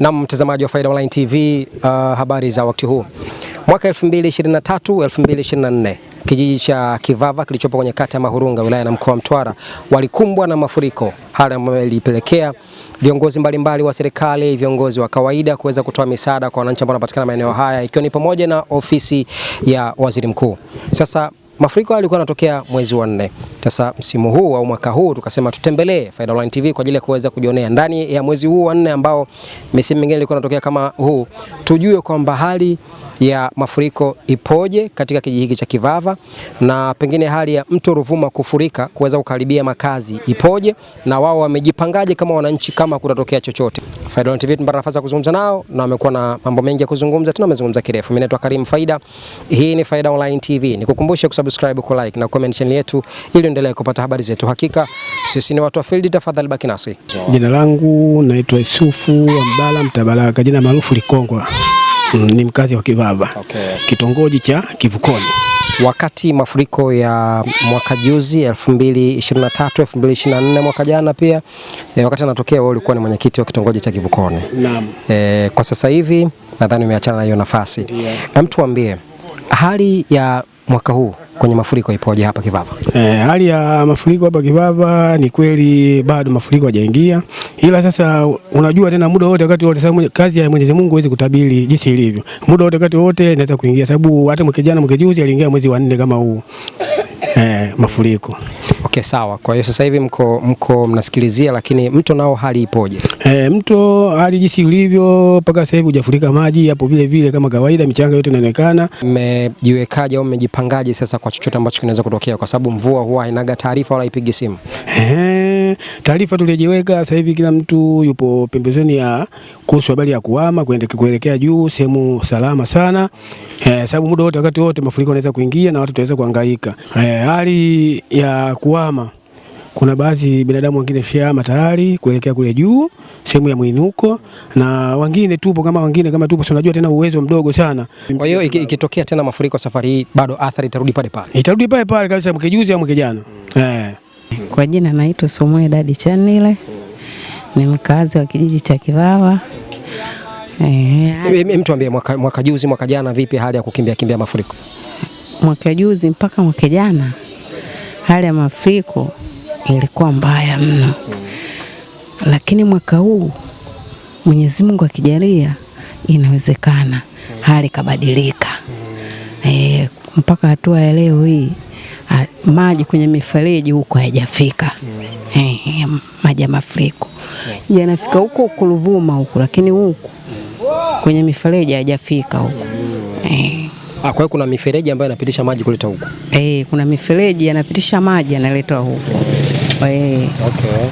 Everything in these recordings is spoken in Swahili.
Na mtazamaji wa Faida Online TV, uh, habari za wakati huu. Mwaka 2023 2024 kijiji cha Kivava kilichopo kwenye kata ya Mahurunga wilaya na mkoa wa Mtwara walikumbwa na mafuriko, hali ambayo ilipelekea viongozi mbalimbali wa serikali, viongozi wa kawaida kuweza kutoa misaada kwa wananchi ambao wanapatikana maeneo haya, ikiwa ni pamoja na ofisi ya waziri mkuu. Sasa Mafuriko hayo yalikuwa yanatokea mwezi wa nne. Sasa msimu huu au mwaka huu tukasema tutembelee Faida Online TV kwa ajili ya kuweza kujionea ndani ya mwezi huu wa nne ambao misimu mingine ilikuwa inatokea kama huu, tujue kwamba hali ya mafuriko ipoje katika kijiji hiki cha Kivava na pengine hali ya mto Ruvuma kufurika kuweza kukaribia makazi ipoje, na wao wamejipangaje kama wananchi kama kutatokea chochote. Faida TV tumepata nafasi ya kuzungumza nao na wamekuwa na mambo mengi ya kuzungumza, tena wamezungumza kirefu. Mimi naitwa Karim Faida, hii ni Faida Online TV. Nikukumbushe kusubscribe, ku like na comment channel yetu ili uendelee kupata habari zetu. Hakika sisi ni watu wa field, tafadhali baki nasi. Jina langu naitwa isufu Ambala Mtabalaka, jina maarufu Likongwa, mm, ni mkazi wa Kivava, okay. kitongoji cha Kivukoni. Wakati mafuriko ya mwaka juzi 2023 2024 mwaka jana pia e, wakati anatokea wewe ulikuwa ni mwenyekiti wa kitongoji cha Kivukoni. Naam. E, kwa sasa hivi nadhani umeachana na hiyo nafasi. Na mtu ambie hali ya mwaka huu kwenye mafuriko ipoje hapa Kivava? E, hali ya mafuriko hapa Kivava ni kweli bado mafuriko hajaingia, ila sasa unajua tena muda wote wakati wote, sababu kazi ya Mwenyezi Mungu haiwezi kutabiri jinsi ilivyo, muda wote wakati wote inaweza kuingia, sababu hata mwaka jana mwaka juzi aliingia mwezi wa nne kama huu eh, mafuriko. Okay, sawa. Kwa hiyo sasa hivi mko, mko mnasikilizia, lakini mto nao hali ipoje? Eh, mto hali jinsi ulivyo mpaka sasa hivi hujafurika maji, hapo vile vile kama kawaida, michanga yote inaonekana. Mmejiwekaje au mmejipangaje sasa kwa chochote ambacho kinaweza kutokea, kwa sababu mvua huwa inaga taarifa wala ipigi simu? Eh, taarifa tuliyojiweka sasa hivi, kila mtu yupo pembezoni ya kuhusu habari ya kuhama kuelekea juu sehemu salama sana, eh, sababu muda wote, wakati wote mafuriko yanaweza kuingia na watu tunaweza kuhangaika eh, hali ya kuhama. Kuna baadhi binadamu wengine tushahama tayari kuelekea kule juu sehemu ya mwinuko, na wengine tupo kama wengine kama tupo, tunajua tena uwezo mdogo sana. Kwa hiyo ikitokea tena mafuriko safari hii, bado athari itarudi pale pale, itarudi pale pale kabisa, mkijuzi au mkijana mm. eh. Kwa jina naitwa Sumue Dadi Chanile, ni mkazi wa kijiji cha Kivawa. Eh, mtuambie mwaka, mwaka juzi mwaka jana vipi hali ya kukimbia kimbia mafuriko? mwaka juzi mpaka mwaka jana hali ya mafuriko ilikuwa mbaya mno, lakini mwaka huu Mwenyezi Mungu akijalia, inawezekana hali kabadilika e, mpaka hatua ya leo hii maji kwenye mifereji huko hayajafika e, maji ya mafuriko yanafika huko ukuruvuma huku, lakini huku kwenye mifereji hayajafika huko e. Ah, kwa hiyo kuna mifereji ambayo inapitisha maji kuleta huku. Eh, kuna mifereji yanapitisha maji yanaletwa huku. Eh. Okay.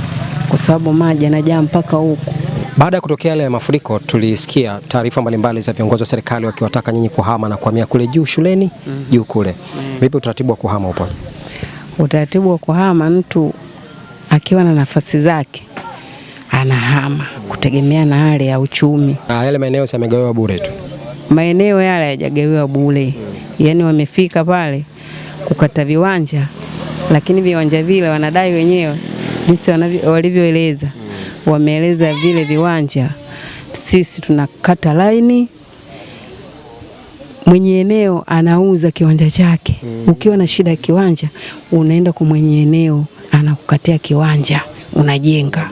Kwa sababu maji yanajaa mpaka huku. Baada ya kutokea yale mafuriko, tulisikia taarifa mbalimbali za viongozi wa serikali wakiwataka nyinyi kuhama na kuhamia kule juu shuleni, mm. juu kule. Mm. Vipi utaratibu wa kuhama upo? Utaratibu wa kuhama, mtu akiwa na nafasi zake anahama kutegemea na hali ya uchumi. Ah, yale maeneo yamegawiwa bure tu maeneo yale hayajagawiwa bure, yaani wamefika pale kukata viwanja, lakini viwanja vile wanadai wenyewe jinsi walivyoeleza, wameeleza vile viwanja, sisi tunakata laini mwenye eneo anauza kiwanja chake. Mm. Ukiwa na shida ya kiwanja unaenda kwa mwenye eneo anakukatia kiwanja unajenga.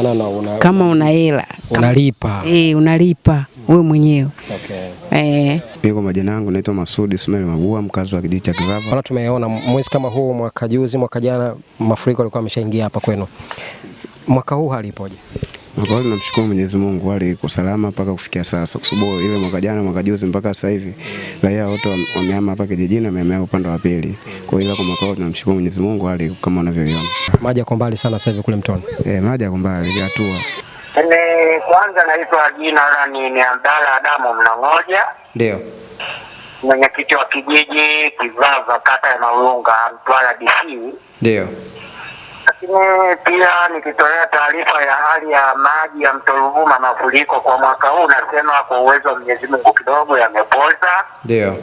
una, una, kama una hela unalipa, eh, unalipa wewe mwenyewe okay. Eh. Mimi majina yangu naitwa Masudi Ismail Mabua, mkazi wa kijiji cha Kivava. Wala tumeona mwezi kama huu mwaka juzi, mwaka jana mafuriko yalikuwa yameshaingia hapa kwenu. Mwaka huu hali ipoje? Mwaka huu tunamshukuru Mwenyezi Mungu hali iko salama mpaka kufikia sasa, kwa sababu ile mwaka jana, mwaka juzi mpaka sasa hivi raia wote wamehama hapa kijijini, wamehama upande wa pili. Kwa hiyo kwa mwaka huu tunamshukuru Mwenyezi Mungu hali kama unavyoiona. Maji yako mbali sana sasa hivi kule mtoni. Eh, maji yako mbali, hatua kwanza naitwa jina la ni Abdala Adamu Mnang'oja, ndio mwenyekiti wa kijiji Kizaza, kata ya Maulunga, Mtwara DC. Ndio, lakini pia nikitolea taarifa ya hali ya maji ya mto Ruvuma, mafuriko kwa mwaka huu, nasema kwa uwezo wa Mwenyezi Mungu kidogo yamepoza, ndio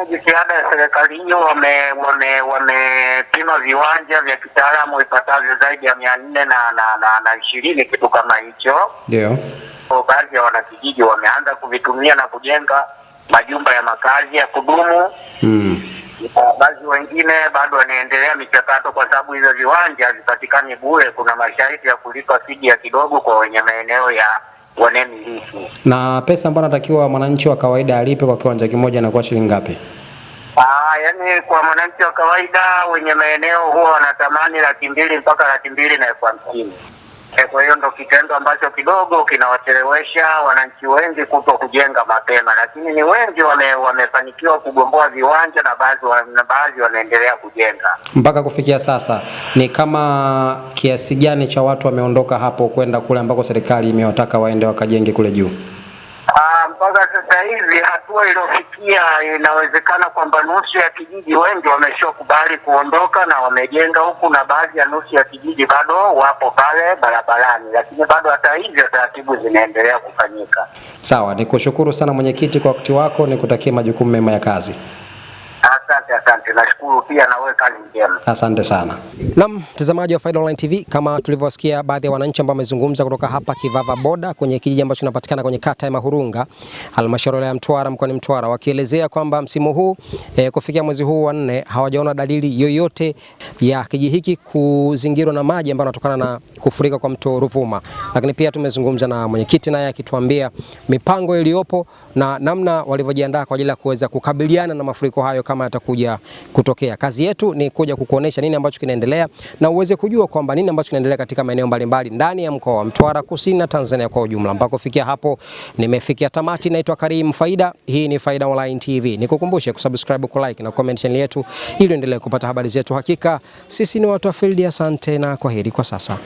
kufanya jitihada ya serikali hiyo, wamepima wame, wame viwanja vya kitaalamu ipatavyo zaidi ya mia nne na, na, na, na ishirini kitu kama hicho. Ndio baadhi ya wanakijiji wameanza kuvitumia na kujenga majumba ya makazi ya kudumu mm. Baadhi wengine bado wanaendelea michakato, kwa sababu hizo viwanja hazipatikani bure. Kuna masharti ya kulipa fidia kidogo kwa wenye maeneo ya wanayemiliki. Na pesa ambayo anatakiwa mwananchi wa kawaida alipe kwa kiwanja kimoja inakuwa shilingi ngapi? Ah, yani kwa mwananchi wa kawaida wenye maeneo huwa wanatamani laki mbili mpaka laki mbili na elfu hamsini. Eh, kwa hiyo ndo kitendo ambacho kidogo kinawachelewesha wananchi wengi kuto kujenga mapema, lakini ni wengi wame, wamefanikiwa kugomboa viwanja na baadhi na baadhi wanaendelea kujenga mpaka kufikia sasa. Ni kama kiasi gani cha watu wameondoka hapo kwenda kule ambako serikali imewataka waende wakajenge kule juu? Ah, mpaka sasa hivi hatua iliyofikia inawezekana kwamba nusu ya kijiji wengi kubali kuondoka na wamejenga huku, na baadhi ya nusu ya kijiji bado wapo pale barabarani, lakini bado hata hivyo taratibu zinaendelea kufanyika. Sawa, nikushukuru sana mwenyekiti kwa wakati wako, nikutakie majukumu mema ya kazi. Asante, asante, nashukuru pia na wewe, kazi njema, asante sana. Naam, mtazamaji wa Faida Online TV, kama tulivyowasikia baadhi ya wananchi ambao wamezungumza kutoka hapa Kivava Boda kwenye kijiji ambacho kinapatikana kwenye kata ya Mahurunga halmashauri ya Mtwara mkoani Mtwara, wakielezea kwamba msimu huu e, kufikia mwezi huu wa nne hawajaona dalili yoyote ya kijiji hiki kuzingirwa na maji ambayo yanatokana na kufurika kwa mto Ruvuma. Lakini pia tumezungumza na mwenyekiti naye akituambia mipango iliyopo na namna walivyojiandaa kwa ajili ya kuweza kukabiliana na mafuriko hayo kama yata kuja kutokea. Kazi yetu ni kuja kukuonesha nini ambacho kinaendelea na uweze kujua kwamba nini ambacho kinaendelea katika maeneo mbalimbali ndani ya mkoa wa Mtwara Kusini na Tanzania kwa ujumla. Mpaka kufikia hapo nimefikia tamati. Naitwa Karim Faida, hii ni Faida Online TV. Nikukumbushe kusubscribe, ku like na comment channel yetu ili uendelee kupata habari zetu. Hakika sisi ni watu wa field. Asante na kwaheri kwa sasa.